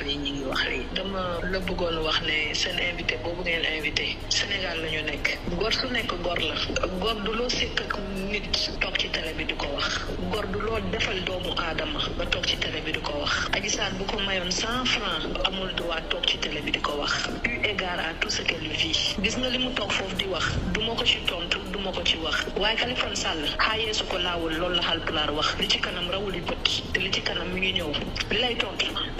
def ñu ngi wax lii dama la bëggoon wax ne seen invité boobu ngeen invité Sénégal la nekk gor su nekk gor la góor du loo sekk ak nit toog ci télé bi du ko wax góor du loo defal doomu aadama ba toog ci télé bi di ko wax Adji Sarr bu ko mayoon cent franc amul droit toog ci tele bi di ko wax eu égard à tout ce qu'elle vit gis nga li mu toog foofu di wax du ma ko ci tontu du ma ko ci wax waaye Khaliphone sàll xaayee su ko laawul loolu la Haalpulaar wax li ci kanam rawuli bët te li ci kanam mi ngi ñëw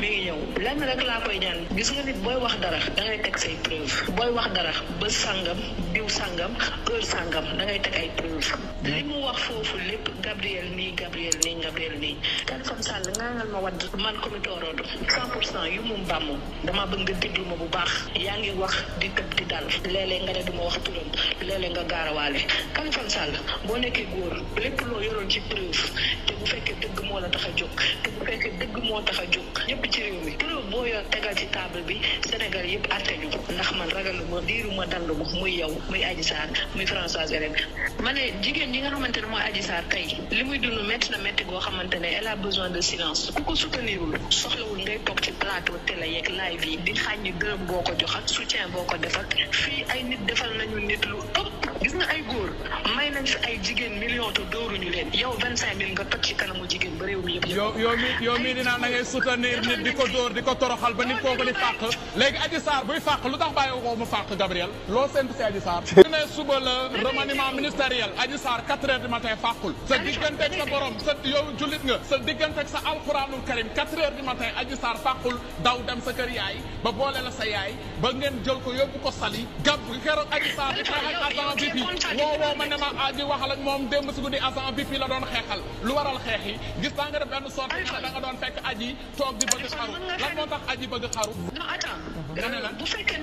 mi ngi ñëw lenn rek laa koy ñaan gis nga nit booy wax dara da teg say preuve booy wax dara ba sàngam diw sàngam heure sàngam da ngay teg ay preuve mm. li mu wax foofu lépp Gabriel nii Gabriel nii Gabriel nii Kalifone Sall ngaangal ma wadd man ko mi tooroodu cent pour cent yu mum bàmmu dama bëgg nga déglu ma bu baax yaa ngi wax di tëb di dal léeg nga ne duma wax turam léeg-léeg nga gaarawaale Kalifone Sall boo nekkee góor lépp loo yoroon ci preuve te bu fekkee dëgg moo la tax a jóg moo tax a jóg ñëpp ci réew mi preuve boo yor tegal ci table bi Sénégal yëpp atte ñu ndax man ragalu ma diiru ma dallu ma muy yow muy Adji Sarr muy Françoise Hélène ma ne jigéen ñi nga xamante ne mooy Adji Sarr tey li muy dund métti na métti goo xamante ne elle besoin de silence ku ko soutenirul soxlawul ngay toog ci plateau télé yeeg live yi di xàññi gërëm boo ko jox ak soutien boo ko def fii ay nit defal nañu nit lu ëpp gis nga ay góor may nañ fi ay jigéen million te dóoruñu leen yow vingt cinq mille ba réew mi yëpp. yow yow mi yow mii dinaa na ngay soutenir nit di ba nit mu fàq Gabriel loo séntu si Adji Sarr. bu ne suba la remaniement ministériel Adji Sarr quatre heures du matin fàqul. sa digganteeg sa borom sa yow jullit nga sa digganteeg sa alxuraanul karim quatre heures du matin Adji Sarr fàqul daw dem sa kër ba boole la sa yaay ba ngeen jël ko yóbbu ko sali gab keroog Adji Sarr VIP woo woo ma ne ma aji waxal ak moom démb guddi agent VIP la doon xeexal lu waral xeex yi gis naa nga def benn sorte da nga doon fekk aji toog di bëgg xaru lan xaru nga ne lan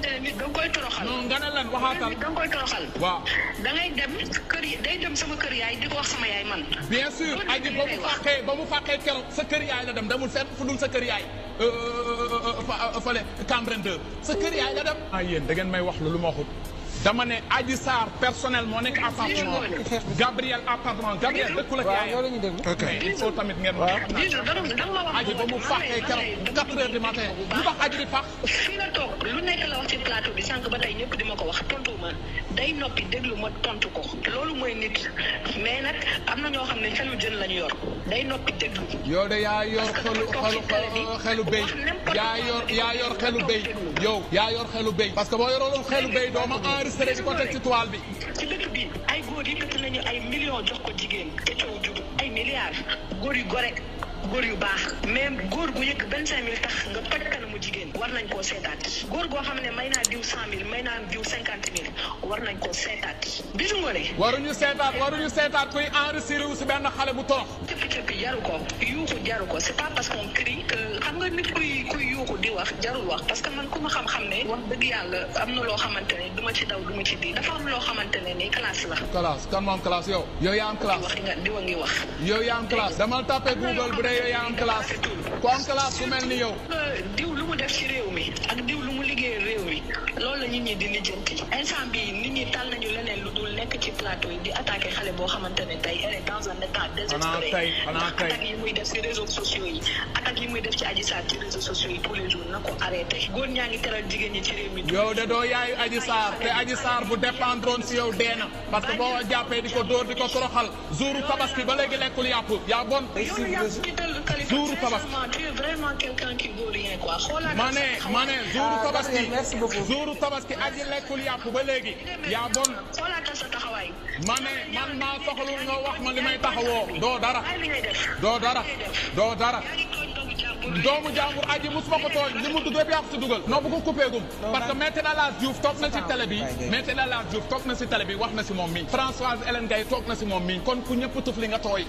da nga koy toroxal non lan waxaatal da nga toroxal waaw da ngay dem yi day dem sama kër yaay di ko wax sama yaay man bien sûr aji ba mu fàqee ba mu fàqee keroog sa kër yaay la dem demul fenn fu dul sa kër yaay fale Cambérène 2 sa kër da ngeen may wax lu ma dama ne Adji Sarr personnel moo nekk appartement Gabriel appartement Gabriel dëkkul ak yaayam mais il faut tamit ngeen wax Adji mu fàqee keroog quatre heures du matin lu tax Adji di fàq fii la toog lu nekk la wax ci plateau bi sànq ba tey ñëpp di ma ko wax tontu ma day noppi déglu ma tontu ko loolu mooy nit na ñoo xam ne xelu jën lañu yor day noppi déglu. yow de yaa yor xelu xelu xelu béy yaa yor yaa yor xelu béy yow yaa yor xelu béy parce que boo yoroon xelu béy doo ma enregistré di ko teg ci toile bi. ci dëkk bi ay góor ko jigéen te coow góor yu gore. góor yu baax même góor gu yëkk vingt cinq mille tax nga toj kanamu jigéen war nañ koo seetaat góor goo xam ne may naa diw cent mille may naa diw cinquante mille war nañ koo seetaat bisu ngoone waruñu seetaat waruñu seetaat kuy enregistré wu si xale bu torox xippi jaru ko yuuxu jaru ko c'est pas parce qu'on crie que xam nga nit kuy kuy yuuxu di wax jarul wax parce man ku xam-xam ne wax dëgg yàlla am na loo xamante du ma ci daw du ma ci di dafa am loo xamante ne ni classe la classe kan moom classe yow yow yaa am classe wax nga di wa ngi wax dama tapé google bu yow yaa am classe ku am classe mel ni yow euh, diw lu mu def ci réew mi ak diw lu mu liggéey réew mi loolu la nit ñi di lijjanti instant bi nit ñi tal na xalaatoo di attaqué xale boo yow de doo yaayu Adji Sarr bu dépendroon si yow dee na boo jàppee di ko dóor di ko toroxal jouru tabaski ba léegi lekkul yàpp yaa bon tabaski ma ne ah, tabaski jouru tabaski aji lekkul yàpp ba léegi yaa ma ne man maa soxlul nga wax ma li may taxawoo doo dara doo dara doo dara doomu jàmbur aji musuma ko tooñ li mu dugg yëpp yaa ko si dugal non bu ko parce que Maître El Hadji Diouf toog na si télé bi Maître El Hadji Diouf toog na si télé bi wax na si moom mi Françoise Hélène Gaye toog na si moom mi kon ku ñëpp tuf nga tooy